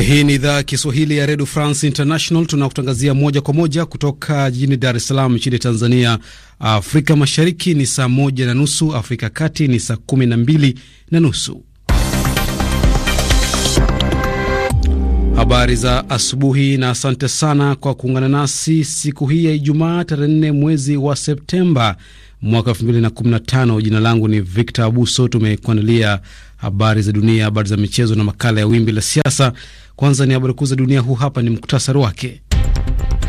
Hii ni idhaa ya Kiswahili ya redio France International. Tunakutangazia moja kwa moja kutoka jijini Dar es Salaam nchini Tanzania. Afrika Mashariki ni saa moja na nusu, Afrika Kati ni saa kumi na mbili na nusu. Habari za asubuhi na asante sana kwa kuungana nasi siku hii ya Ijumaa, tarehe 4 mwezi wa Septemba mwaka 215 Jina langu ni Victor Abuso. Tumekuandalia habari za dunia, habari za michezo na makala ya wimbi la siasa. Kwanza ni habari kuu za dunia, huu hapa ni muktasari wake.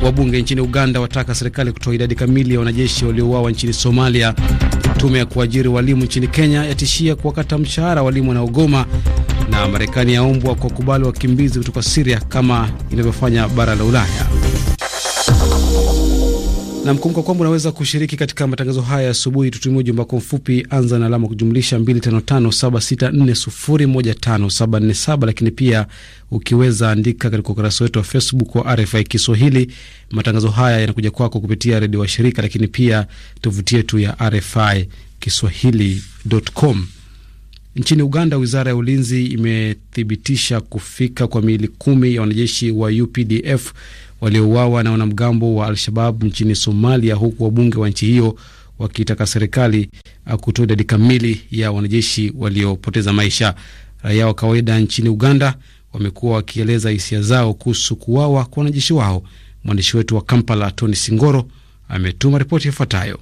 Wabunge nchini Uganda wataka serikali kutoa idadi kamili ya wanajeshi waliouawa nchini Somalia. Tume ya kuajiri walimu nchini Kenya yatishia kuwakata mshahara walimu wanaogoma, na Marekani yaombwa kwa kubali wakimbizi kutoka Siria kama inavyofanya bara la Ulaya. Namkumbuka kwamba unaweza kushiriki katika matangazo haya asubuhi. Tutumie ujumbe wako mfupi, anza na alama kujumlisha 255764015747, lakini pia ukiweza andika katika ukurasa wetu wa Facebook wa RFI Kiswahili. Matangazo haya yanakuja kwako kupitia redio wa shirika, lakini pia tovuti yetu ya RFI Kiswahili.com. Nchini Uganda, wizara ya ulinzi imethibitisha kufika kwa miili kumi ya wanajeshi wa UPDF waliouawa na wanamgambo wa Al-Shabab nchini Somalia, huku wabunge wa nchi hiyo wakitaka serikali uh, kutoa idadi kamili ya wanajeshi waliopoteza maisha. Raia wa kawaida nchini Uganda wamekuwa wakieleza hisia zao kuhusu kuwawa kwa wanajeshi wao. Mwandishi wetu wa Kampala, Tony Singoro, ametuma ripoti ifuatayo.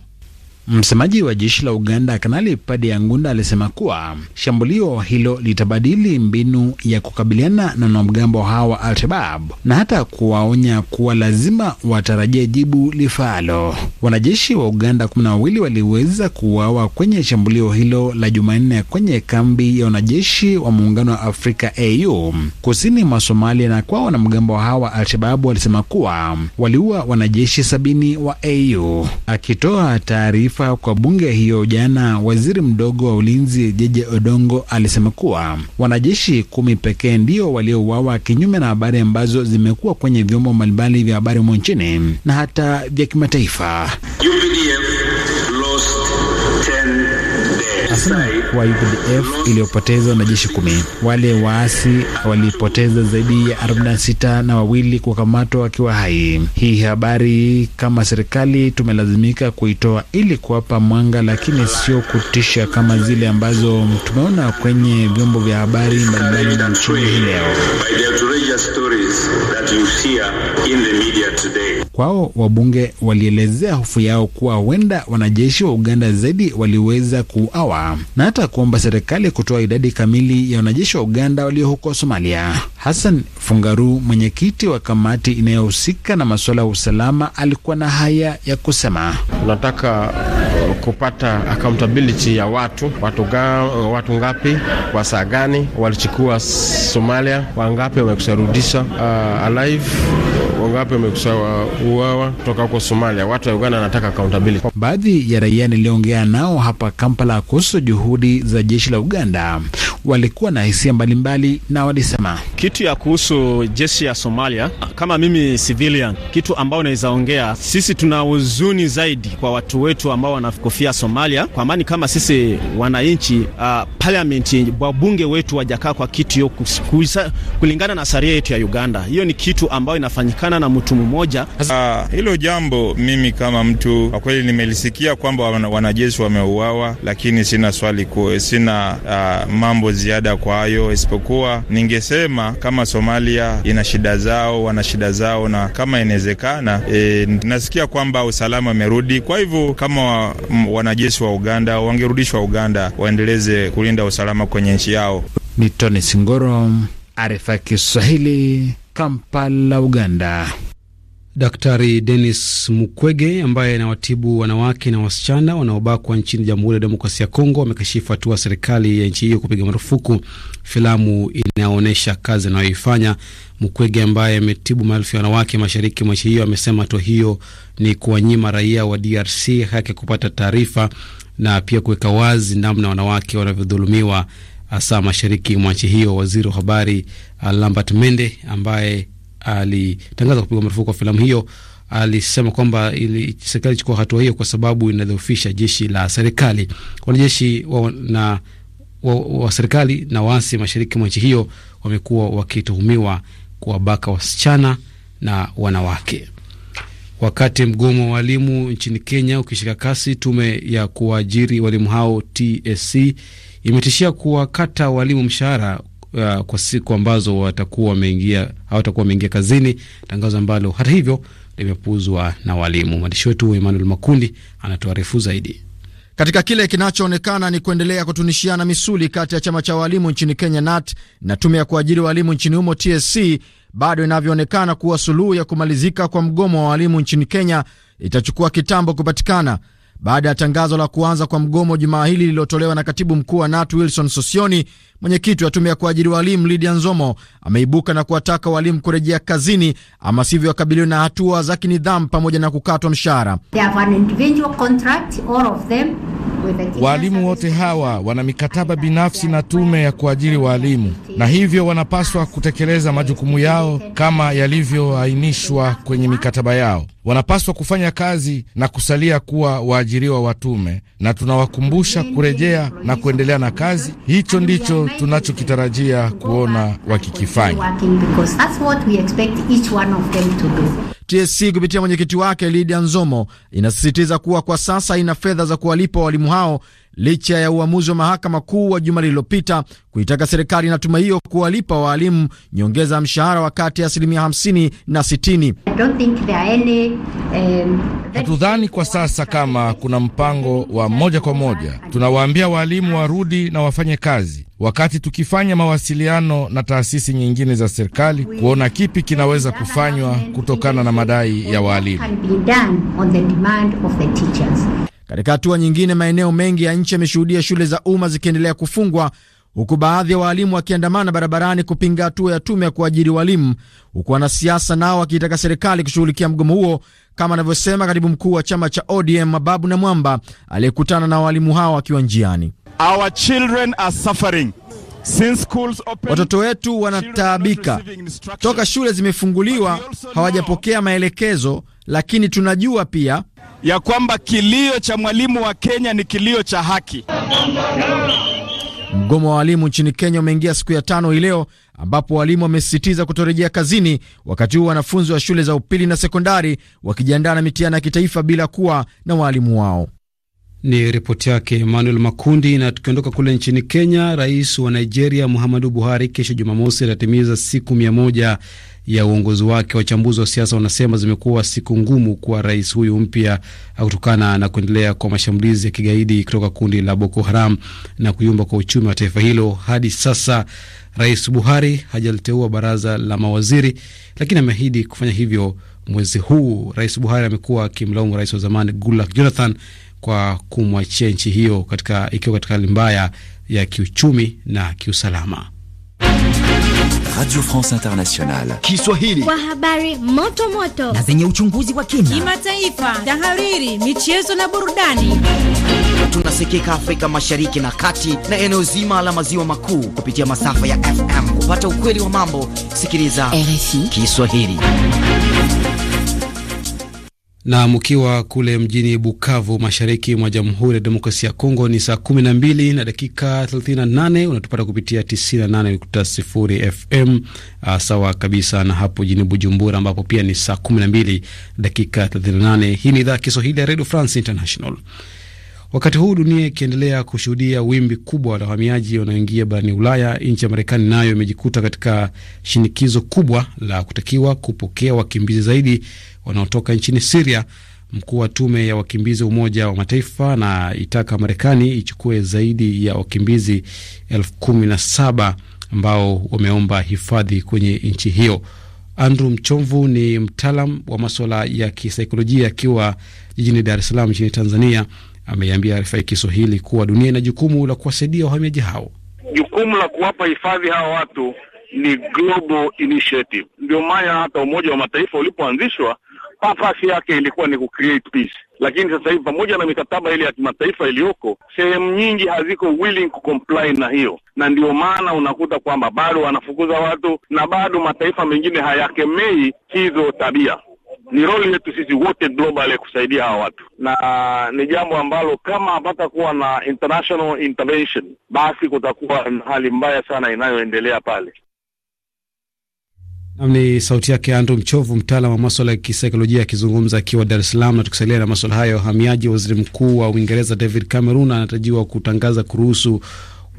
Msemaji wa jeshi la Uganda Kanali Padi Yangunda alisema kuwa shambulio hilo litabadili mbinu ya kukabiliana na wanamgambo hawa wa Al-Shabaab na hata kuwaonya kuwa lazima watarajie jibu lifaalo. Wanajeshi wa Uganda kumi na wawili waliweza kuuawa kwenye shambulio hilo la Jumanne kwenye kambi ya wanajeshi wa Muungano wa Afrika AU kusini mwa Somalia, na kwa wanamgambo hawa wa Al-Shabaab walisema kuwa waliua wanajeshi sabini wa AU. Akitoa taarifa taarifa kwa bunge hiyo jana, waziri mdogo wa ulinzi Jeje Odongo alisema kuwa wanajeshi kumi pekee ndio waliouawa, kinyume na habari ambazo zimekuwa kwenye vyombo mbalimbali vya habari humo nchini na hata vya kimataifa UPDM. Asema wa UPDF iliyopoteza wanajeshi kumi, wale waasi walipoteza zaidi ya 46 na wawili kukamatwa wakiwa hai. Hii habari kama serikali tumelazimika kuitoa ili kuwapa mwanga, lakini sio kutisha kama zile ambazo tumeona kwenye vyombo vya habari mbalimbali na nchini hii leo kwao, wabunge walielezea hofu yao kuwa huenda wanajeshi wa Uganda zaidi waliweza kuuawa na hata kuomba serikali kutoa idadi kamili ya wanajeshi wa Uganda walio huko Somalia. Hassan Fungaru, mwenyekiti wa kamati inayohusika na masuala ya usalama, alikuwa na haya ya kusema. Tunataka kupata accountability ya watu watu, ga, watu ngapi kwa saa gani walichukua Somalia, wangapi wamekusharudisha uh, alive wangapi wamekusawa uawa toka huko Somalia. Watu wa Uganda wanataka accountability. Baadhi ya raia niliongea nao hapa Kampala kuhusu juhudi za jeshi la Uganda walikuwa na hisia mbalimbali, na walisema kitu ya kuhusu jeshi ya Somalia. Kama mimi civilian, kitu ambao naweza ongea, sisi tuna huzuni zaidi kwa watu wetu ambao wanakofia Somalia, kwa maana kama sisi wananchi uh, parliament wabunge wetu wajakaa kwa kitu yoku, kulingana na sheria yetu ya Uganda. Hiyo ni kitu ambayo inafanyikana kutokana na mtu mmoja. Uh, hilo jambo mimi kama mtu kwa kweli nimelisikia kwamba wanajeshi wameuawa, lakini sina swali ku, sina uh, mambo ziada kwa hayo, isipokuwa ningesema kama Somalia ina shida zao, wana shida zao, na kama inawezekana e, nasikia kwamba usalama umerudi. Kwa hivyo kama wanajeshi wa Uganda wangerudishwa Uganda, waendeleze kulinda usalama kwenye nchi yao. Ni Tony Singoro, RFI Kiswahili, Kampala, Uganda. Daktari Denis Mukwege ambaye anawatibu wanawake na wasichana wanaobakwa nchini Jamhuri ya Demokrasia ya Kongo amekashifu hatua serikali ya nchi hiyo kupiga marufuku filamu inayoonyesha kazi anayoifanya. Mukwege ambaye ametibu maelfu ya wanawake mashariki mwa nchi hiyo amesema hatua hiyo ni kuwanyima raia wa DRC haki ya kupata taarifa na pia kuweka wazi namna wanawake wanavyodhulumiwa hasa mashariki mwa nchi hiyo. Waziri wa habari uh, Lambert Mende ambaye alitangaza kupigwa marufuku kwa filamu hiyo alisema kwamba serikali ilichukua hatua hiyo kwa sababu inadhoofisha jeshi la serikali. Wanajeshi wa, na, wa, wa serikali na waasi mashariki mwa nchi hiyo wamekuwa wakituhumiwa kuwabaka wasichana na wanawake. Wakati mgomo wa walimu nchini Kenya ukishika kasi, tume ya kuajiri walimu hao TSC imetishia kuwakata walimu mshahara uh, kwa siku ambazo watakuwa wameingia hawatakuwa wameingia kazini, tangazo ambalo hata hivyo limepuuzwa na walimu. Mwandishi wetu Emmanuel Makundi anatuarifu zaidi. Katika kile kinachoonekana ni kuendelea kutunishiana misuli kati ya chama cha walimu nchini Kenya NAT na tume ya kuajiri walimu nchini humo TSC, bado inavyoonekana kuwa suluhu ya kumalizika kwa mgomo wa walimu nchini Kenya itachukua kitambo kupatikana baada ya tangazo la kuanza kwa mgomo jumaa hili lililotolewa na katibu mkuu wa nat Wilson Sosioni. Mwenyekiti wa tume ya kuajiri walimu Lydia Nzomo ameibuka na kuwataka walimu kurejea kazini, ama sivyo wakabiliwe na hatua za kinidhamu pamoja na kukatwa mshahara. Waalimu wote hawa wana mikataba binafsi na tume ya kuajiri waalimu na hivyo wanapaswa kutekeleza majukumu yao kama yalivyoainishwa kwenye mikataba yao wanapaswa kufanya kazi na kusalia kuwa waajiriwa wa tume, na tunawakumbusha kurejea na kuendelea na kazi. Hicho ndicho tunachokitarajia kuona wakikifanya. TSC kupitia mwenyekiti wake Lidia Nzomo inasisitiza kuwa kwa sasa ina fedha za kuwalipa walimu hao licha ya uamuzi wa mahakama kuu wa juma lililopita kuitaka serikali na tume hiyo kuwalipa waalimu nyongeza ya mshahara wa kati ya asilimia 50 na 60. Um, Hatudhani kwa sasa kama kuna mpango wa moja kwa moja. Tunawaambia waalimu warudi na wafanye kazi, wakati tukifanya mawasiliano na taasisi nyingine za serikali kuona kipi kinaweza kufanywa kutokana na madai ya waalimu. Katika hatua nyingine, maeneo mengi ya nchi yameshuhudia shule za umma zikiendelea kufungwa huku baadhi ya waalimu wakiandamana barabarani kupinga hatua ya tume ya kuajiri walimu, huku wanasiasa nao wakiitaka serikali kushughulikia mgomo huo, kama anavyosema katibu mkuu wa chama cha ODM Mababu na Mwamba aliyekutana na waalimu hao akiwa njiani. Our children are suffering. Since schools open, watoto wetu wanataabika toka shule zimefunguliwa, hawajapokea maelekezo, lakini tunajua pia ya kwamba kilio cha mwalimu wa Kenya ni kilio cha haki. Mgomo wa walimu nchini Kenya umeingia siku ya tano hii leo, ambapo walimu wamesisitiza kutorejea kazini, wakati huu wanafunzi wa shule za upili na sekondari wakijiandaa na mitihani ya kitaifa bila kuwa na waalimu wao. Ni ripoti yake Emmanuel Makundi. Na tukiondoka kule nchini Kenya, rais wa Nigeria Muhammadu Buhari kesho Jumamosi atatimiza siku mia moja ya uongozi wake. Wachambuzi wa siasa wanasema zimekuwa siku ngumu kwa rais huyu mpya kutokana na kuendelea kwa mashambulizi ya kigaidi kutoka kundi la Boko Haram na kuyumba kwa uchumi wa taifa hilo. Hadi sasa Rais Buhari hajaliteua baraza la mawaziri, lakini ameahidi kufanya hivyo mwezi huu. Rais Buhari amekuwa akimlaumu rais wa zamani Goodluck Jonathan kwa kumwachia nchi hiyo katika, ikiwa katika hali mbaya ya kiuchumi na kiusalama. Radio France Internationale Kiswahili, kwa habari moto moto na zenye uchunguzi wa kina, kimataifa, tahariri, michezo na burudani. Tunasikika Afrika Mashariki na Kati na eneo zima la maziwa makuu kupitia masafa ya FM. Kupata ukweli wa mambo, sikiliza RFI Kiswahili na mkiwa kule mjini Bukavu, mashariki mwa Jamhuri ya Demokrasia ya Kongo ni saa 12 na dakika 38. Unatupata kupitia 98.0 FM uh, sawa kabisa na hapo jini Bujumbura, ambapo pia ni saa 12 dakika 38. Hii ni idhaa ya Kiswahili ya Radio France International. Wakati huu dunia ikiendelea kushuhudia wimbi kubwa la wahamiaji wanaoingia barani Ulaya, nchi ya Marekani nayo imejikuta katika shinikizo kubwa la kutakiwa kupokea wakimbizi zaidi wanaotoka nchini Siria. Mkuu wa tume ya wakimbizi Umoja wa Mataifa na itaka Marekani ichukue zaidi ya wakimbizi elfu kumi na saba ambao wameomba hifadhi kwenye nchi hiyo. Andrew Mchomvu ni mtaalam wa maswala ya kisaikolojia akiwa jijini Dar es Salaam nchini Tanzania ameiambia RFI Kiswahili kuwa dunia ina jukumu la kuwasaidia wahamiaji hao. Jukumu la kuwapa hifadhi hawa watu ni global initiative. Ndio maana hata Umoja wa Mataifa ulipoanzishwa nafasi yake ilikuwa ni kucreate peace, lakini sasa hivi pamoja na mikataba ile ya kimataifa iliyoko, sehemu nyingi haziko willing na hiyo, na ndio maana unakuta kwamba bado wanafukuza watu na bado mataifa mengine hayakemei hizo tabia ni roli yetu sisi wote globally kusaidia hawa watu, na ni jambo ambalo kama kuwa na international intervention, basi kutakuwa hali mbaya sana inayoendelea pale. Nam ni sauti yake Andrew Mchovu, mtaalam wa maswala ya kisaikolojia akizungumza akiwa Dar es Salaam. Na tukisalia na maswala hayo ya uhamiaji, waziri mkuu wa Uingereza David Cameron anatarajiwa kutangaza kuruhusu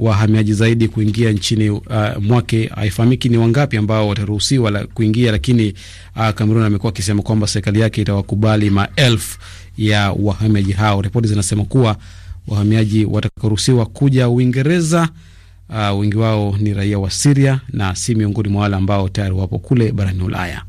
wahamiaji zaidi kuingia nchini uh, mwake. Haifahamiki ni wangapi ambao wataruhusiwa la kuingia, lakini uh, Kamerun amekuwa akisema kwamba serikali yake itawakubali maelfu ya wahamiaji hao. Ripoti zinasema kuwa wahamiaji watakaruhusiwa kuja Uingereza uh, wengi wao ni raia wa Siria na si miongoni mwa wale ambao tayari wapo kule barani Ulaya.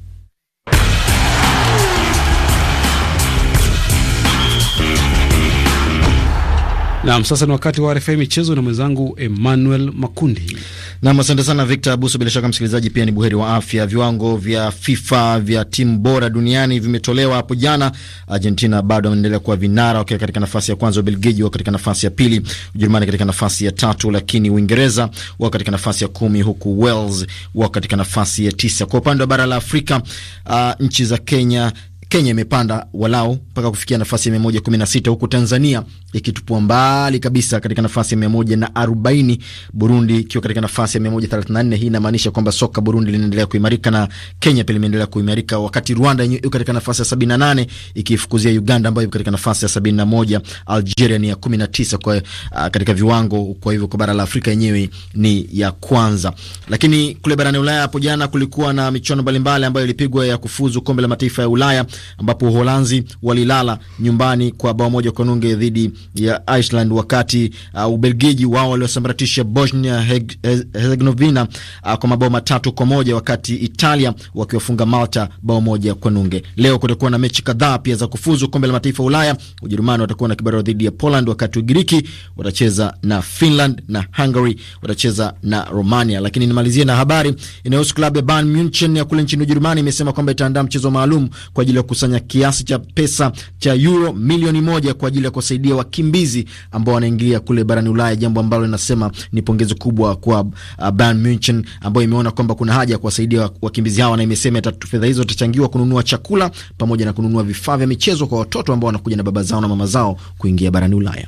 Naam, sasa ni wakati wa RFI michezo na mwenzangu Emmanuel Makundi. Naam, asante sana Victor Abuso. Bila shaka msikilizaji pia ni buheri wa afya. Viwango vya FIFA vya timu bora duniani vimetolewa hapo jana. Argentina bado wanaendelea kuwa vinara wakiwa katika nafasi ya kwanza, Ubelgiji wako katika nafasi ya pili, Ujerumani katika nafasi ya tatu, lakini Uingereza wako katika nafasi ya kumi, huku Wales wako katika nafasi ya tisa. Kwa upande wa bara la Afrika, uh, nchi za Kenya Kenya imepanda walau mpaka kufikia nafasi ya 116 huku Tanzania ikitupua mbali kabisa katika nafasi ya 140, Burundi ikiwa katika nafasi ya 134. Hii inamaanisha kwamba soka Burundi linaendelea kuimarika na Kenya pia limeendelea kuimarika, wakati Rwanda yenyewe iko katika nafasi ya 78 ikifukuzia Uganda ambayo iko katika nafasi ya 71. Algeria ni ya 19 kwa uh, katika viwango. Kwa hivyo kwa bara la Afrika yenyewe ni ya kwanza, lakini kule barani Ulaya hapo jana kulikuwa na michuano mbalimbali ambayo ilipigwa ya kufuzu kombe la mataifa ya Ulaya ambapo Uholanzi walilala nyumbani kwa bao moja kwa nunge dhidi ya Iceland, wakati uh, Ubelgiji wao waliosambaratisha Bosnia Herzegovina uh, kwa mabao matatu kwa moja wakati Italia wakiwafunga Malta bao moja kwa nunge. Leo kutakuwa na mechi kadhaa pia za kufuzu kombe la mataifa Ulaya. Ujerumani watakuwa na kibarua dhidi ya Poland, wakati Ugiriki watacheza na Finland na Hungary watacheza na Romania. Lakini nimalizie na habari inayohusu klabu ya Bayern Munich ya kule nchini Ujerumani imesema kwamba itaandaa mchezo maalum kwa ajili kusanya kiasi cha pesa cha euro milioni moja kwa ajili ya kuwasaidia wakimbizi ambao wanaingilia kule barani Ulaya, jambo ambalo linasema ni pongezi kubwa kwa uh, Bayern Munich ambayo imeona kwamba kuna haja ya kuwasaidia wakimbizi hawa, na imesema fedha hizo zitachangiwa kununua chakula pamoja na kununua vifaa vya michezo kwa watoto ambao wanakuja na baba zao na mama zao kuingia barani Ulaya.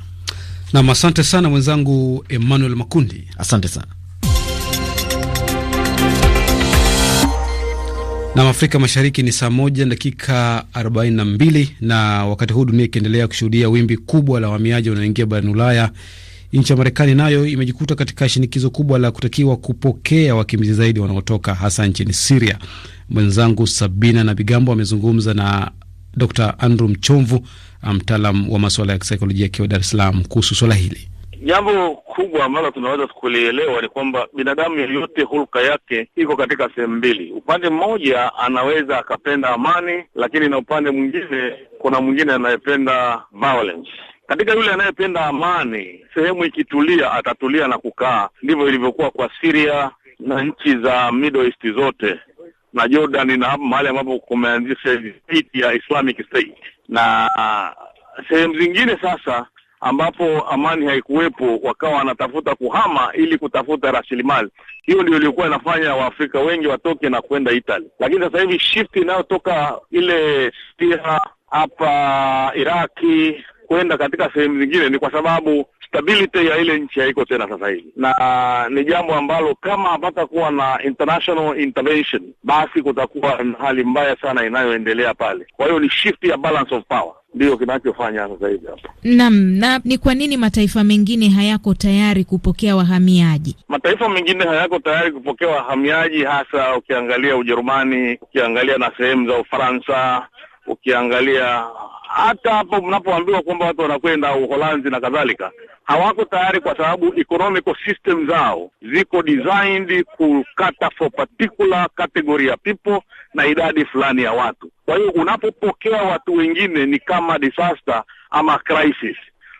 Nam, asante sana mwenzangu Emmanuel Makundi, asante sana. na Afrika Mashariki ni saa moja dakika 42, na wakati huu dunia ikiendelea kushuhudia wimbi kubwa la wahamiaji wanaoingia barani Ulaya, nchi ya Marekani nayo imejikuta katika shinikizo kubwa la kutakiwa kupokea wakimbizi zaidi wanaotoka hasa nchini Siria. Mwenzangu Sabina na Bigambo amezungumza na Dr Andrew Mchomvu, mtaalam wa masuala ya kisaikolojia akiwa Dar es Salaam kuhusu swala hili. Jambo kubwa ambalo tunaweza kulielewa ni kwamba binadamu yeyote hulka yake iko katika sehemu mbili. Upande mmoja anaweza akapenda amani, lakini na upande mwingine kuna mwingine anayependa violence. Katika yule anayependa amani, sehemu ikitulia atatulia na kukaa. Ndivyo ilivyokuwa kwa siria na nchi za Middle East zote na Jordan na mahali ambapo kumeanzisha state ya Islamic State na sehemu zingine sasa ambapo amani haikuwepo, wakawa wanatafuta kuhama ili kutafuta rasilimali. Hiyo ndio ilikuwa inafanya Waafrika wengi watoke na kwenda Italy, lakini sasa hivi shift inayotoka ile Syria hapa Iraki kwenda katika sehemu zingine ni kwa sababu stability ya ile nchi haiko tena sasa hivi, na uh, ni jambo ambalo kama hapata kuwa na international intervention, basi kutakuwa na hali mbaya sana inayoendelea pale. Kwa hiyo ni shift ya balance of power ndiyo kinachofanya sasa hivi hapa. Naam, na ni kwa nini mataifa mengine hayako tayari kupokea wahamiaji? Mataifa mengine hayako tayari kupokea wahamiaji, hasa ukiangalia Ujerumani, ukiangalia na sehemu za Ufaransa, ukiangalia hata hapo mnapoambiwa kwamba watu wanakwenda Uholanzi na kadhalika, hawako tayari kwa sababu economical system zao ziko designed kukata for particular category ya people na idadi fulani ya watu. Kwa hiyo unapopokea watu wengine ni kama disaster ama crisis.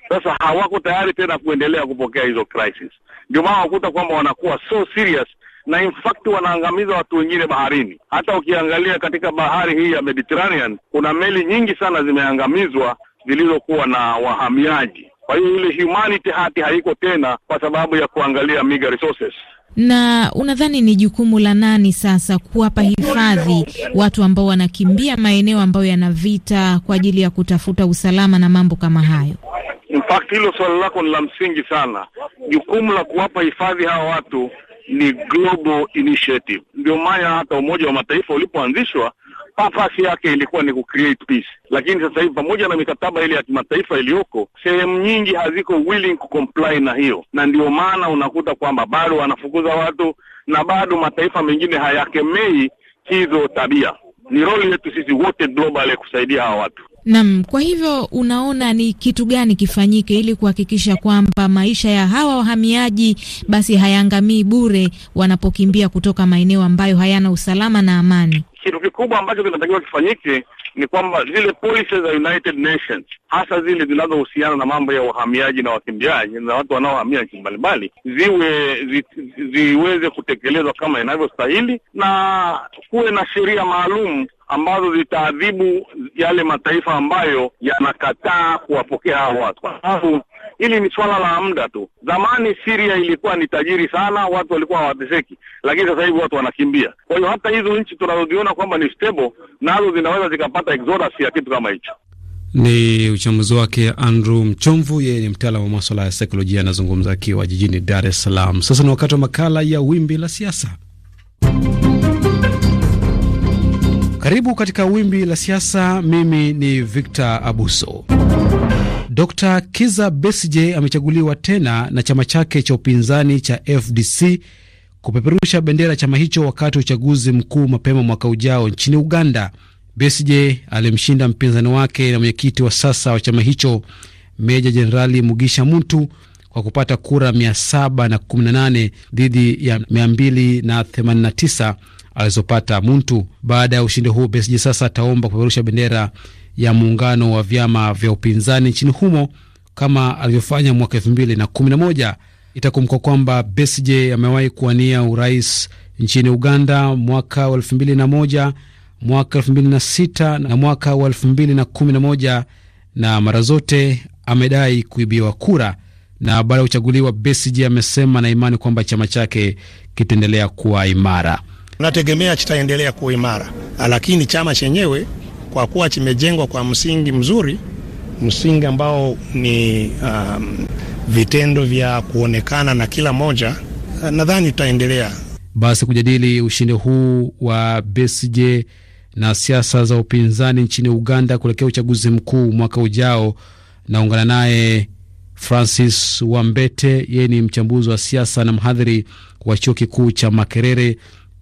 Sasa hawako tayari tena kuendelea kupokea hizo crisis, ndio maana wakuta kwamba wanakuwa so serious na in fact wanaangamiza watu wengine baharini. Hata ukiangalia katika bahari hii ya Mediterranean kuna meli nyingi sana zimeangamizwa zilizokuwa na wahamiaji. Kwa hiyo ile humanity hati haiko tena kwa sababu ya kuangalia mega resources. Na unadhani ni jukumu la nani sasa kuwapa hifadhi watu ambao wanakimbia maeneo ambayo yana vita kwa ajili ya kutafuta usalama na mambo kama hayo? In fact hilo swala lako ni la msingi sana. Jukumu la kuwapa hifadhi hawa watu ni global initiative. Ndio maana hata Umoja wa Mataifa ulipoanzishwa nafasi yake ilikuwa ni kucreate peace, lakini sasa hivi pamoja na mikataba ile ya kimataifa iliyoko, sehemu nyingi haziko willing kucomply na hiyo, na ndio maana unakuta kwamba bado wanafukuza watu na bado mataifa mengine hayakemei hizo tabia. Ni roli yetu sisi wote kusaidia hawa watu. Naam, kwa hivyo unaona ni kitu gani kifanyike ili kuhakikisha kwamba maisha ya hawa wahamiaji basi hayaangamii bure wanapokimbia kutoka maeneo ambayo hayana usalama na amani? kitu kikubwa ambacho kinatakiwa kifanyike ni kwamba zile policies za United Nations hasa zile zinazohusiana na mambo ya uhamiaji na wakimbiaji na watu wanaohamia nchi mbalimbali ziwe zi, ziweze kutekelezwa kama inavyostahili na kuwe na sheria maalum ambazo zitaadhibu yale mataifa ambayo yanakataa kuwapokea hao watu, kwa sababu Hili ni swala la muda tu. Zamani siria ilikuwa ni tajiri sana, watu walikuwa hawateseki, lakini sasa hivi watu wanakimbia. Kwa hiyo hata hizo nchi tunazoziona kwamba ni stable, nazo zinaweza zikapata exodus ya kitu kama hicho. Ni uchambuzi wake Andrew Mchomvu, yeye ni mtaalam wa maswala ya saikolojia, anazungumza akiwa jijini Dar es Salaam. Sasa ni wakati wa makala ya Wimbi la Siasa. Karibu katika wimbi la siasa. Mimi ni Victor Abuso. Dr Kiza Besije amechaguliwa tena na chama chake cha upinzani cha FDC kupeperusha bendera ya chama hicho wakati wa uchaguzi mkuu mapema mwaka ujao nchini Uganda. Besije alimshinda mpinzani wake na mwenyekiti wa sasa wa chama hicho Meja Jenerali Mugisha Muntu kwa kupata kura 718 dhidi ya 289 alizopata Muntu. Baada ya ushindi huu, Besigye sasa ataomba kupeperusha bendera ya muungano wa vyama vya upinzani nchini humo kama alivyofanya mwaka elfu mbili na kumi na moja. Itakumbuka kwamba Besigye amewahi kuwania urais nchini Uganda mwaka wa elfu mbili na moja, mwaka elfu mbili na sita na mwaka wa elfu mbili na kumi na moja na mara zote amedai kuibiwa kura. Na baada ya kuchaguliwa, Besigye amesema na imani kwamba chama chake kitaendelea kuwa imara. Tunategemea kitaendelea kuwa imara, lakini chama chenyewe kwa kuwa kimejengwa kwa msingi mzuri, msingi ambao ni um, vitendo vya kuonekana na kila moja, uh, nadhani tutaendelea basi kujadili ushindi huu wa Besigye na siasa za upinzani nchini Uganda kuelekea uchaguzi mkuu mwaka ujao. Naungana naye Francis Wambete, yeye ni mchambuzi wa siasa na mhadhiri wa chuo kikuu cha Makerere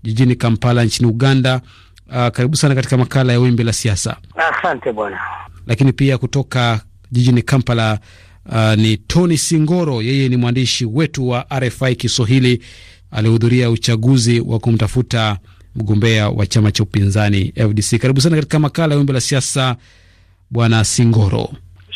jijini Kampala nchini Uganda. Uh, karibu sana katika makala ya wimbi la siasa. Asante bwana. Lakini pia kutoka jijini Kampala uh, ni Tony Singoro, yeye ni mwandishi wetu wa RFI Kiswahili, alihudhuria uchaguzi wa kumtafuta mgombea wa chama cha upinzani FDC. Karibu sana katika makala ya wimbi la siasa bwana Singoro.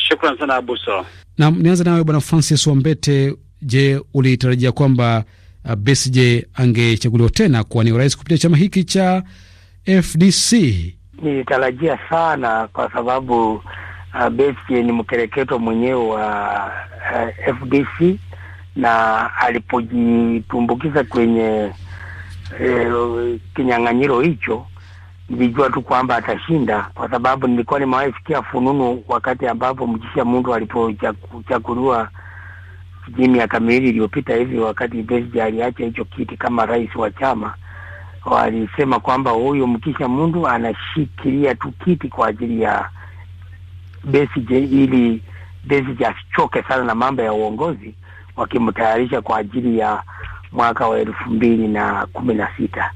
Shukran sana Abuso. Naam, nianza nawe bwana Francis Wambete. Je, ulitarajia kwamba uh, Besigye angechaguliwa tena ni urais kupitia chama hiki cha FDC? Nilitarajia sana kwa sababu uh, Besigye ni mkereketo mwenyewe wa uh, FDC na alipojitumbukiza kwenye eh, kinyang'anyiro hicho nilijua tu kwamba atashinda, kwa sababu nilikuwa nimewahi sikia fununu wakati ambapo Mjisha Mundu alipochaguliwa sijui miaka miwili iliyopita hivi, wakati Besigye aliacha hicho kiti kama rais wa chama, walisema kwamba huyu Mkisha Mundu anashikilia tu kiti kwa ajili ya Besigye ili Besigye asichoke sana na mambo ya uongozi, wakimtayarisha kwa ajili ya mwaka wa elfu mbili na kumi na sita.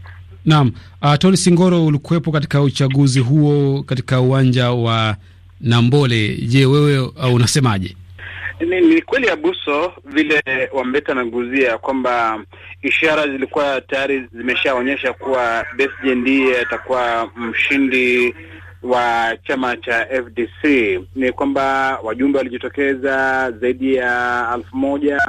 Naam, uh, Tony Singoro, ulikuwepo katika uchaguzi huo katika uwanja wa Nambole. Je, wewe uh, unasemaje? Ni, ni kweli Abuso, vile Wambeta ameguzia kwamba ishara zilikuwa tayari zimeshaonyesha kuwa Besigye ndiye atakuwa mshindi wa chama cha FDC. Ni kwamba wajumbe walijitokeza zaidi ya alfu moja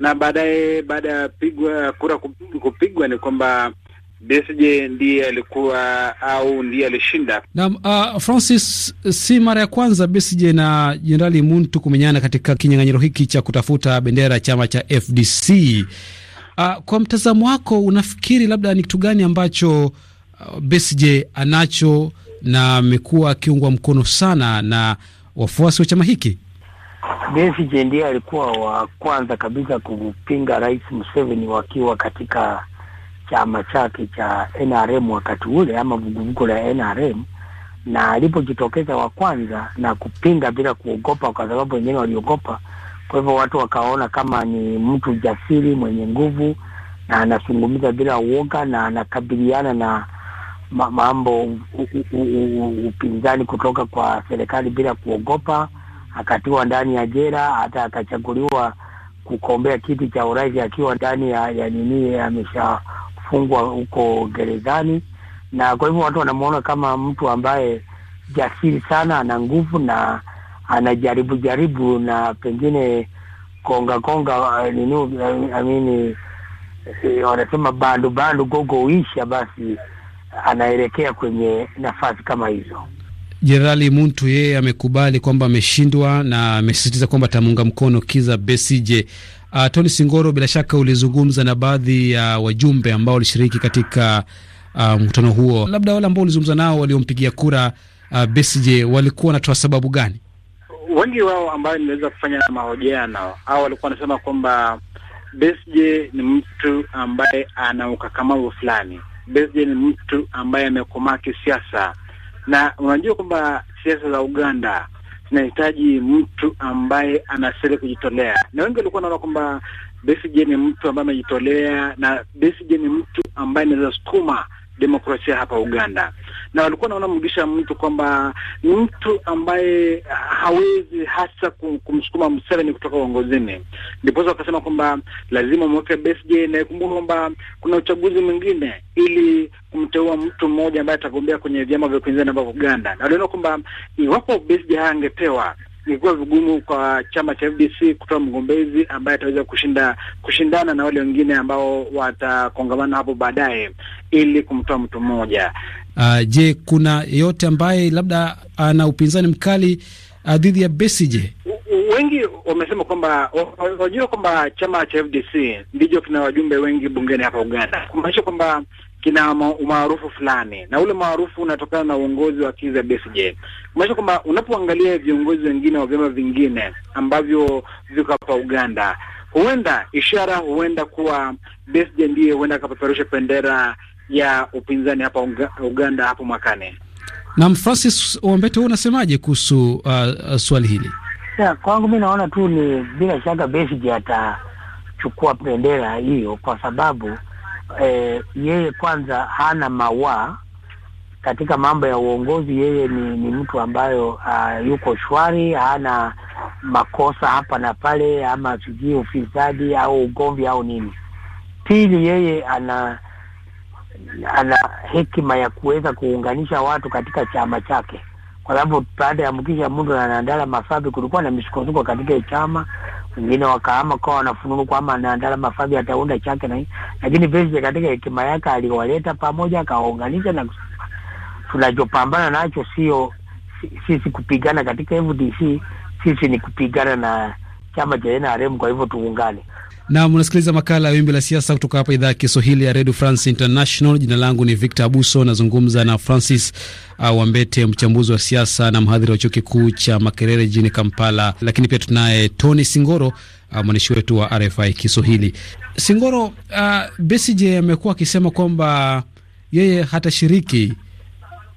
na baadaye, baada ya pigwa kura kupigwa, ni kwamba Besije ndiye alikuwa au ndiye alishinda. Naam, uh, Francis, si mara ya kwanza Besije na Jenerali Muntu kumenyana katika kinyang'anyiro hiki cha kutafuta bendera ya chama cha FDC. Uh, kwa mtazamo wako unafikiri labda ni kitu gani ambacho uh, Besije anacho na amekuwa akiungwa mkono sana na wafuasi wa chama hiki? Besije ndiye alikuwa wa kwanza kabisa kupinga Rais Museveni wakiwa katika chama chake cha NRM wakati ule ama vuguvugu la NRM, na alipojitokeza wa kwanza na kupinga bila kuogopa, kwa sababu wengine waliogopa. Kwa hivyo watu wakaona kama ni mtu jasiri mwenye nguvu, na anazungumza bila uoga na anakabiliana na mambo upinzani kutoka kwa serikali bila kuogopa. Akatiwa ndani ya jela, hata akachaguliwa kukombea kiti cha urais akiwa ndani ya, ya nini amesha amefungwa huko gerezani, na kwa hivyo watu wanamwona kama mtu ambaye jasiri sana, ana nguvu na anajaribu jaribu na pengine konga konga eh, nini, amini eh, wanasema bandu bandu gogo uisha, basi anaelekea kwenye nafasi kama hizo. Jenerali Muntu yeye amekubali kwamba ameshindwa na amesisitiza kwamba atamuunga mkono Kiza Besije. Uh, Tony Singoro, bila shaka ulizungumza na baadhi ya uh, wajumbe ambao walishiriki katika mkutano ah, mkutano huo. Labda wale ambao ulizungumza nao waliompigia kura uh, ah, Besigye walikuwa wanatoa sababu gani? Wengi wao ambao nimeweza kufanya mahojiano au walikuwa wanasema kwamba Besigye ni mtu ambaye ana ukakamavu fulani. Besigye ni mtu ambaye amekomaa kisiasa, na unajua kwamba siasa za Uganda tunahitaji mtu ambaye anastahili kujitolea, na wengi walikuwa naona kwamba Besigye ni mtu ambaye amejitolea, na Besigye ni mtu ambaye anaweza sukuma demokrasia hapa Uganda na walikuwa naona Mugisha mtu kwamba ni mtu ambaye hawezi hasa kumsukuma Museveni kutoka uongozini, ndiposa wakasema kwamba lazima mweke Besigye, na ikumbuka kwamba kuna uchaguzi mwingine ili kumteua mtu mmoja ambaye atagombea kwenye vyama vya upinzani ambavyo Uganda, na waliona kwamba iwapo Besigye angepewa ilikuwa vigumu kwa chama cha FDC kutoa mgombezi ambaye ataweza kushinda kushindana na wale wengine ambao watakongamana hapo baadaye ili kumtoa mtu mmoja. Uh, je, kuna yeyote ambaye labda ana upinzani mkali uh, dhidi ya Besigye? Wengi wamesema kwamba wajua kwamba chama cha FDC ndicho kina wajumbe wengi bungeni hapa Uganda, kumaanisha kwamba kina umaarufu fulani, na ule maarufu unatokana na uongozi wa Kizza Besigye. Kumaanisha kwamba unapoangalia viongozi wengine wa vyama vingine ambavyo viko hapa Uganda, huenda ishara huenda kuwa Besigye ndiye huenda akapeperusha bendera ya upinzani hapa Uganda hapo mwakane. Na Francis Wambete, wewe unasemaje kuhusu uh, uh, swali hili? Ya, kwangu mi naona tu ni bila shaka Besigye atachukua bendera hiyo kwa sababu eh, yeye kwanza hana mawaa katika mambo ya uongozi. Yeye ni, ni mtu ambayo uh, yuko shwari, hana makosa hapa na pale, ama sijui ufisadi au ugomvi au nini. Pili, yeye ana ana hekima ya kuweza kuunganisha watu katika chama chake, kwa sababu baada ya Mkisha Mundu na Nandala Mafabi kulikuwa na misukosuko katika chama, wengine wakaama kwa wanafunuru kwamba Nandala Mafabi ataunda chake na, lakini Besigye katika hekima yake aliwaleta pamoja akawaunganisha, na tunachopambana nacho sio sisi kupigana katika FDC, sisi ni kupigana na chama cha NRM. Kwa hivyo tuungane na mnasikiliza makala ya Wimbi la Siasa kutoka hapa idhaa ya Kiswahili ya Redio France International. Jina langu ni Victor Abuso, nazungumza na Francis uh, Wambete, mchambuzi wa siasa na mhadhiri wa chuo kikuu cha Makerere jijini Kampala, lakini pia tunaye Tony Singoro, uh, mwandishi wetu wa RFI Kiswahili. Singoro, uh, Besigye amekuwa akisema kwamba yeye hatashiriki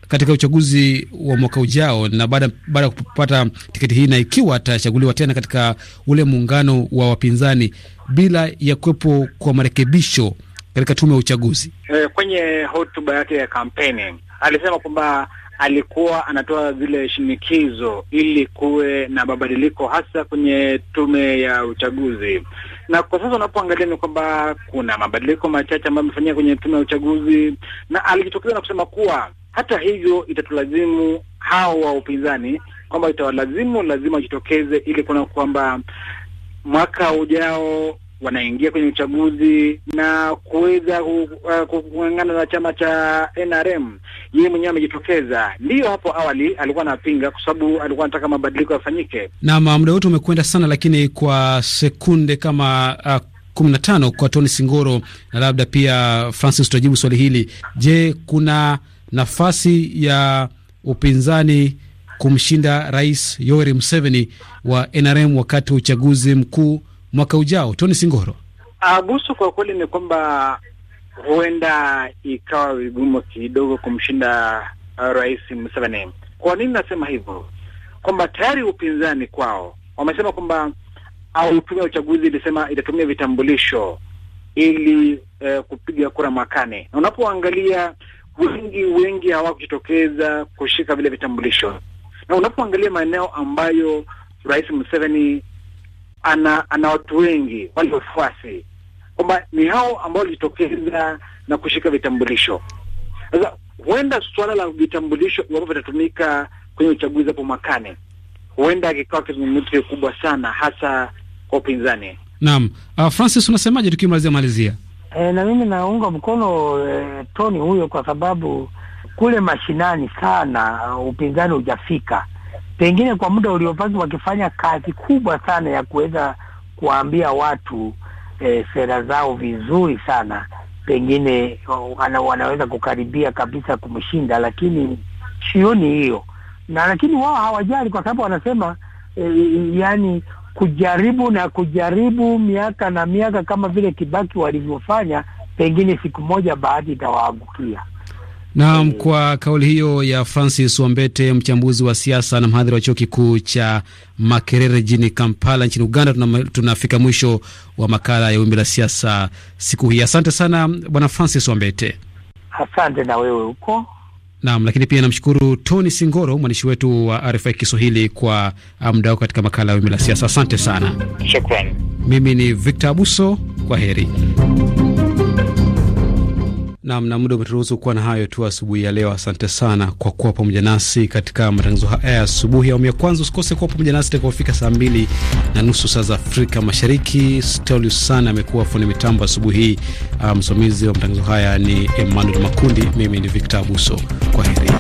katika uchaguzi wa mwaka ujao, na baada ya kupata tiketi hii na ikiwa atachaguliwa tena katika ule muungano wa wapinzani bila ya kuwepo kwa marekebisho katika tume ya uchaguzi. Eh, kwenye hotuba yake ya kampeni alisema kwamba alikuwa anatoa zile shinikizo ili kuwe na mabadiliko hasa kwenye tume ya uchaguzi, na kwa sasa unapoangalia ni kwamba kuna mabadiliko machache ambayo amefanyia kwenye tume ya uchaguzi, na alijitokeza na kusema kuwa hata hivyo, itatulazimu hao wa upinzani kwamba itawalazimu lazima wajitokeze ili kuona kwamba mwaka ujao wanaingia kwenye uchaguzi na kuweza uh, kung'ang'ana na chama cha NRM. Yeye mwenyewe amejitokeza, ndiyo hapo awali alikuwa anapinga kwa sababu alikuwa anataka mabadiliko yafanyike. Naam, muda wetu umekwenda sana, lakini kwa sekunde kama uh, kumi na tano kwa Tony Singoro na labda pia Francis, utajibu swali hili. Je, kuna nafasi ya upinzani kumshinda Rais Yoweri Museveni wa NRM wakati wa uchaguzi mkuu mwaka ujao. Tony Singoro Abusu, ah, kwa kweli ni kwamba huenda ikawa vigumu kidogo kumshinda ah, Rais Museveni. Kwa nini nasema hivyo? Kwamba tayari upinzani kwao wamesema kwamba au ah, tume ya uchaguzi ilisema itatumia vitambulisho ili eh, kupiga kura mwakane, na unapoangalia wengi wengi hawakujitokeza kushika vile vitambulisho, na unapoangalia maeneo ambayo Rais Museveni ana ana watu wengi wale wafuasi, kwamba ni hao ambao walijitokeza na kushika vitambulisho. Sasa huenda suala la vitambulisho iwapo vitatumika kwenye uchaguzi hapo mwakani, huenda akikawa kizungumzi kikubwa sana, hasa kwa upinzani. Naam. Uh, Francis, unasemaje tukimalizia malizia E, na mimi naunga mkono e, eh, Toni huyo kwa sababu kule mashinani sana uh, upinzani hujafika, pengine kwa muda uliopaki wakifanya kazi kubwa sana ya kuweza kuwaambia watu e, sera zao vizuri sana, pengine uh, wana, wanaweza kukaribia kabisa kumshinda, lakini sioni hiyo na lakini wao hawajali kwa sababu wanasema e, yani kujaribu na kujaribu miaka na miaka kama vile Kibaki walivyofanya, pengine siku moja baadhi itawaangukia. Naam, kwa kauli hiyo ya Francis Wambete, mchambuzi wa siasa na mhadhiri wa chuo kikuu cha Makerere jijini Kampala nchini Uganda, tunafika mwisho wa makala ya Wimbi la Siasa siku hii. Asante sana Bwana Francis Wambete. Asante na wewe huko Naam, lakini pia namshukuru Tony Singoro, mwandishi wetu wa RFI Kiswahili, kwa uh, muda wako katika makala ya Wimbi la Siasa. Asante sana, shukrani. Mimi ni Victor Abuso, kwa heri. Nam na muda umeturuhusu kuwa na hayo tu asubuhi ya leo. Asante sana kwa kuwa pamoja nasi katika matangazo haya ya asubuhi awamu ya kwanza. Usikose kuwa pamoja nasi takapofika saa mbili na nusu saa za Afrika Mashariki. Stelius sana amekuwa fundi mitambo asubuhi hii. Ah, msimamizi um, wa matangazo haya ni Emmanuel Makundi. Mimi ni Victor Abuso, kwa heri.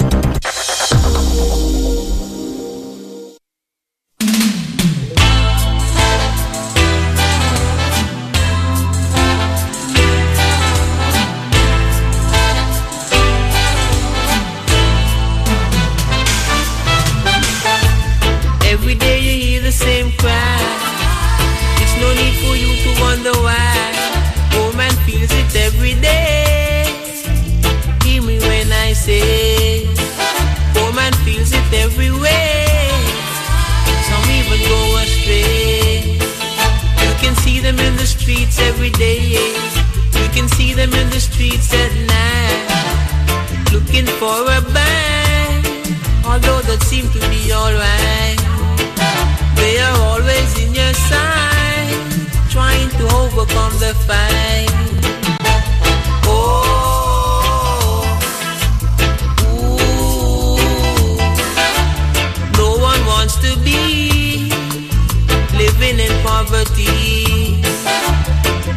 poverty.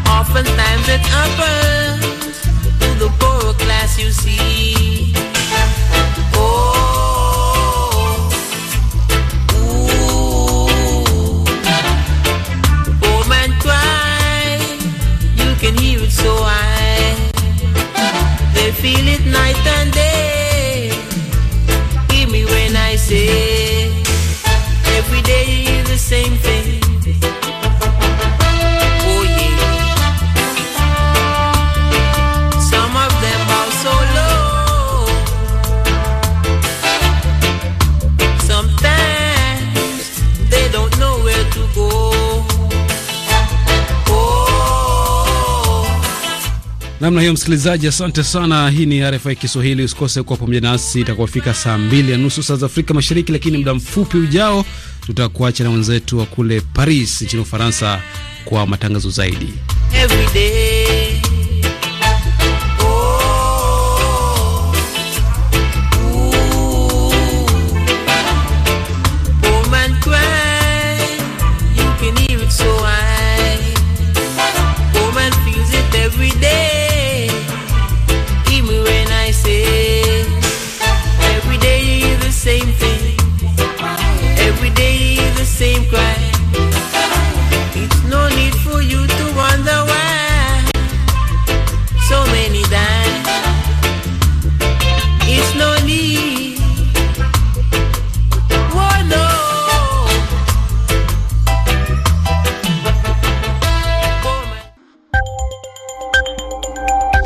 Oftentimes it happens to the poor class, you see. Oh, ooh, poor man cry, you can hear it so high. They feel it night and day. Hear me when I say. namna hiyo. Msikilizaji, asante sana. Hii ni RFI Kiswahili, usikose kuwa pamoja nasi itakapofika saa mbili na nusu saa za Afrika Mashariki, lakini muda mfupi ujao tutakuacha na wenzetu wa kule Paris nchini Ufaransa kwa matangazo zaidi Everyday.